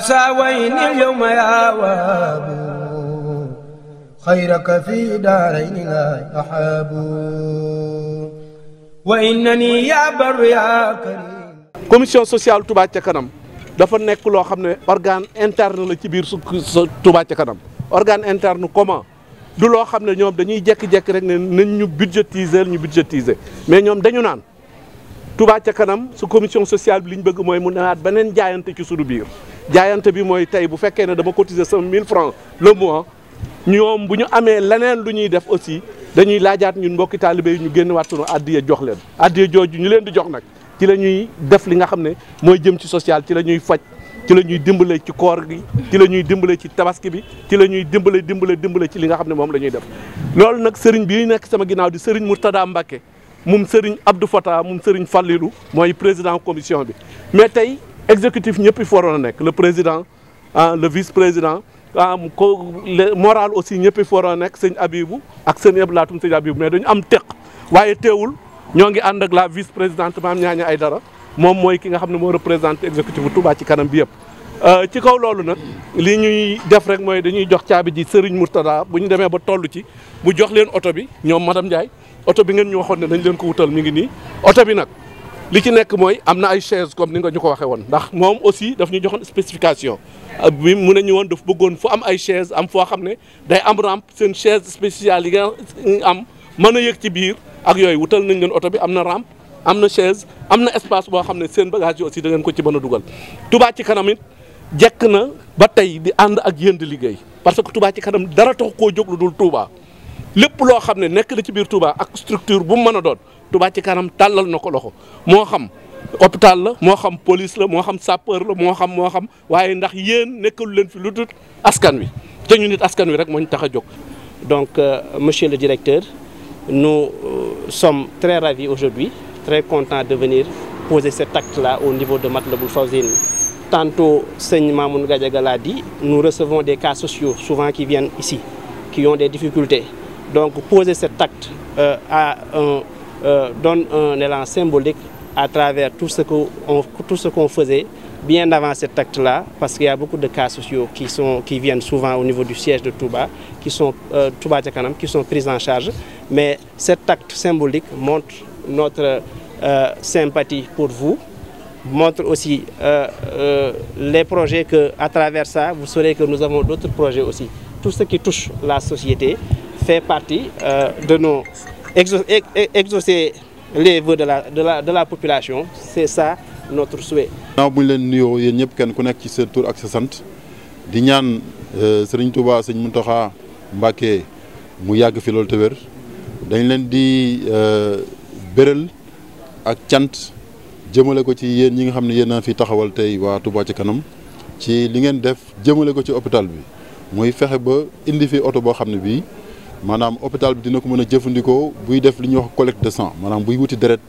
ساويني اليوم يا واب خيرك في دارين لا أحاب وإنني يا بر يا كريم commission sociale Touba ca kanam dafa nekk loo xam ne organe interne la ci biir su Touba ca kanam organe interne comment du loo xam ne ñoom dañuy jekk-jekk rek ne nañ ñu budgétiser ñu budgétiser mais ñoom dañu naan Touba ca kanam su commission sociale bi li ñu bëgg mooy mu naat beneen jaayante ci suñu biir jaayante bi mooy tey bu fekkee ne dama cotiser sama 1000 francs le mois ñoom bu ñu amee leneen lu ñuy def aussi dañuy laajaat ñun mbokki taalibe ñu génn waat addi addiya jox leen addiya jooju ñu leen di jox nag ci la ñuy def li nga xam ne mooy jëm ci social ci la ñuy faj ci la ñuy dimbale ci koor gi ci la ñuy dimbale ci tabaski bi ci la ñuy dimbale dimbale dimbale ci li nga xam ne moom la ñuy def loolu nag sëriñ bii nekk sama ginnaaw di sëriñ Mourtada Mbacké moom sëriñ Abdou Fata moom sëriñ Fallilou mooy président commission bi mais tey exécutif ñëpp il waroon a nekk le président ah le vice président ah moral aussi ñëpp il faut waroon a nekk sëñ Abibu ak sëñ Abdou Lahat sëñ Abibu mais dañu am teq waaye teewul ñoo ngi ànd ak la vice présidente maam ñaaña ay dara moom mooy ki nga xam ne moo représenté exécutif bu Touba ci kanam bi yëpp. Euh, ci kaw loolu nag li ñuy def rek mooy dañuy jox caabi ji Serigne Mourtada bu ñu demee ba toll ci bu jox leen oto bi ñoom madame Ndiaye oto bi ngeen ñu waxoon ne dañ leen ko wutal mi ngi nii oto bi nag. li ci nekk mooy am na ay chaise comme ni nga ñu ko waxee woon ndax moom aussi daf ñu joxoon spécification euh, bi mu ne ñu woon daf bëggoon fu am ay chaise am foo xam ne day am rampe seen chaise spéciale yi am mën a yëg ci biir ak yooyu wutal nañ leen oto bi am na rampe am na chaise am na espace boo xam ne seen bagage yi aussi da ngeen ko ci mën a dugal tubaa ci kanam it jekk na ba tey di ànd ak yéen di liggéey parce que tubaa ci kanam dara tax koo jóg lu dul Touba lépp loo xam ne nekk na ci biir Touba ak structure bu mu mën a doon Touba ci kanam tàllal na ko loxo moo xam hôpital la moo xam police la moo xam sapeur la moo xam moo xam waaye ndax yéen nekkalu leen fi lu dul askan wi te ñu nit askan wi rek moo tax a jog donc euh, monsieur le directeur nous euh, sommes très ravis aujourd'hui très contents de venir poser cet acte la au niveau de Matlaboul Fawzeyni tantôt sëñ Mamoun Gadiaga l'a dit nous recevons des cas sociaux souvent qui viennent ici qui ont des difficultés donc poser cet euh, Euh, donne un élan symbolique à travers tout ce qu'on tout ce qu'on faisait bien avant cet acte-là parce qu'il y a beaucoup de cas sociaux qui viennent souvent au niveau du siège de Touba qui sont euh, Touba Kanam qui sont pris en charge mais cet acte symbolique montre notre euh, sympathie pour vous montre aussi euh, euh les projets que à travers ça vous que nous avons d'autres projets aussi tout ce qui touche la société fait partie euh, de nos exo e-, e-, exaucer les vœux de la de la de la population c'est ça notre souhait. naaw bu ñu leen nuyoo yéen ñëpp kenn ku nekk ci sa tur ak sa sant di ñaan euh, sëriñ Touba sëñ Mountakha Mbacké mu yàgg fi loolu te dañ leen di euh, bërël ak cant jëmale ko ci yéen ñi nga xam ne yéen a fi taxawal tey waa Touba ci kanam ci li ngeen def jëmale ko ci hôpital bi muy fexe ba indi fi oto boo xam ne bii. maanaam hôpital bi dina ko mën a jëfandikoo buy def li ñuy wax collecte de sang maanaam buy wuti deret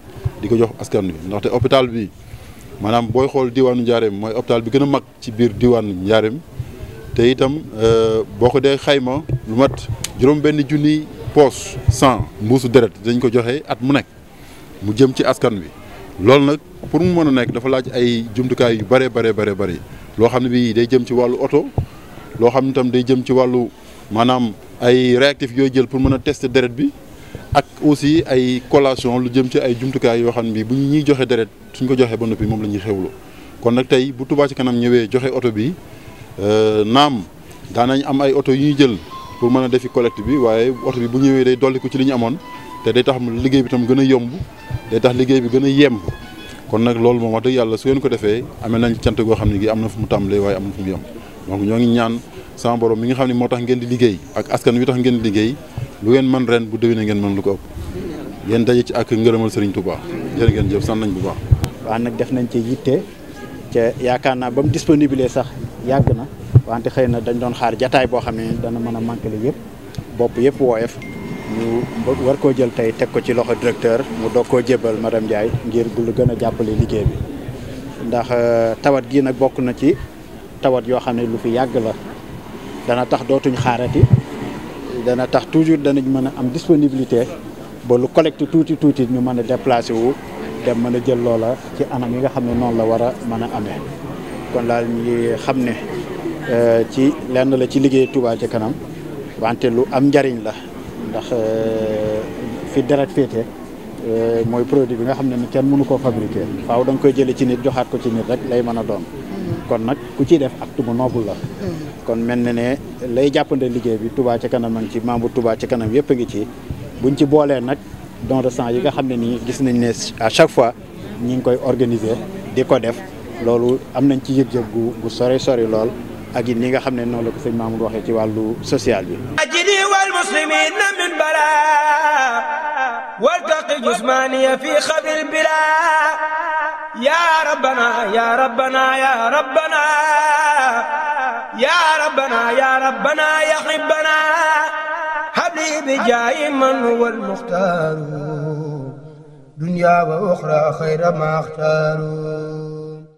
di ko jox askan wi ndaxte hôpital bi maanaam booy xool diwaanu Njaareem mooy hôpital bi gën a mag ci biir diwaanu Njaareem te itam euh, boo ko dee xayma lu mat juróom-benn junniy poche sang mbuusu deret dañ ko joxe at mu nekk mu jëm ci askan wi. loolu nag pour mu mën a nekk dafa laaj ay jumtukaay yu bare bare bare bëri loo xam ne bii day jëm ci wàllu oto loo xam ne itam day jëm ci wàllu maanaam. ay réactif yooy jël pour mën a test deret bi ak aussi ay collation lu jëm ci ay jumtukaay yoo xam ne bu ñu ñuy joxee deret suñ ko joxee ba noppi moom la ñuy xewlu kon nag tey bu Touba ci kanam ñëwee joxe oto bi euh, naam daanañ am ay oto yu jël pour mën a defi collecte bi waaye oto bi bu ñëwee day dolli ko ci li ñu amoon te day tax liggéey bi tam gën a yomb day tax liggéey bi gën a yemb kon nag loolu moom wax dëgg yàlla su ngeen ko defee amee nañ cant goo xam ne gi am na fu mu tàmbalee waaye am na fu mu yomb donc ñoo ngi ñaan sama borom mi nga xam ne moo tax ngeen di liggéey ak askan wi tax ngeen di liggéey lu ngeen man ren bu déwénee ngeen mën lu ko ëpp ngeen daje ci ak ngërëmal Sëriñ Touba jërë ngeen jëf sant nañ bu baax. waaw nag def nañ ci yitte ca yaakaar naa ba mu disponible sax yàgg na wante xëy na dañ doon xaar jataay boo xam ne dana mën a manqué yëpp bopp yëpp wooyef ñu war koo jël tey teg ko ci loxo directeur mu doog koo jébbal madame Ndiaye ngir lu gën a jàppale liggéey bi ndax euh, tawat gi nag bokk na ci tawat yoo xam ne lu fi yàgg la dana tax dootuñ xaarati dana tax toujours danañ mën a am disponibilité ba lu collecte tuuti tuuti ñu mën a déplacé wu dem mën a jël loola ci anam yi nga xam ne noonu la war a mën a amee kon daal ngi xam ne euh, ci lenn la ci liggéey Touba ci kanam wante lu am njariñ la ndax euh, fi deret féete euh, mooy produit bi nga xam ne ni kenn mënu koo fabriquer waaw da koy jëlee ci nit joxaat ko ci nit rek lay mën a doon kon nag ku ciy def acte bu noble la. Mm. kon mel na ne lay jàppande liggéey bi tubaa ca kanam a ci membre tubaa ca kanam yëpp a ngi ci buñ ci boolee nag don de sang yi nga xam ne ni gis nañ ne à chaque fois ñu ngi koy organiser di ko def loolu am nañ ci yëg-yëg gu gu sori sori lool ak it ni nga xam ne noonu la ko sëñ Mamour waxee ci wàllu social bi. والتقي جسماني في خبر البلاد يا ربنا يا ربنا يا ربنا يا ربنا يا ربنا يا حبنا حبلي بجاي من هو المختار دنيا وأخرى خير ما اختاروا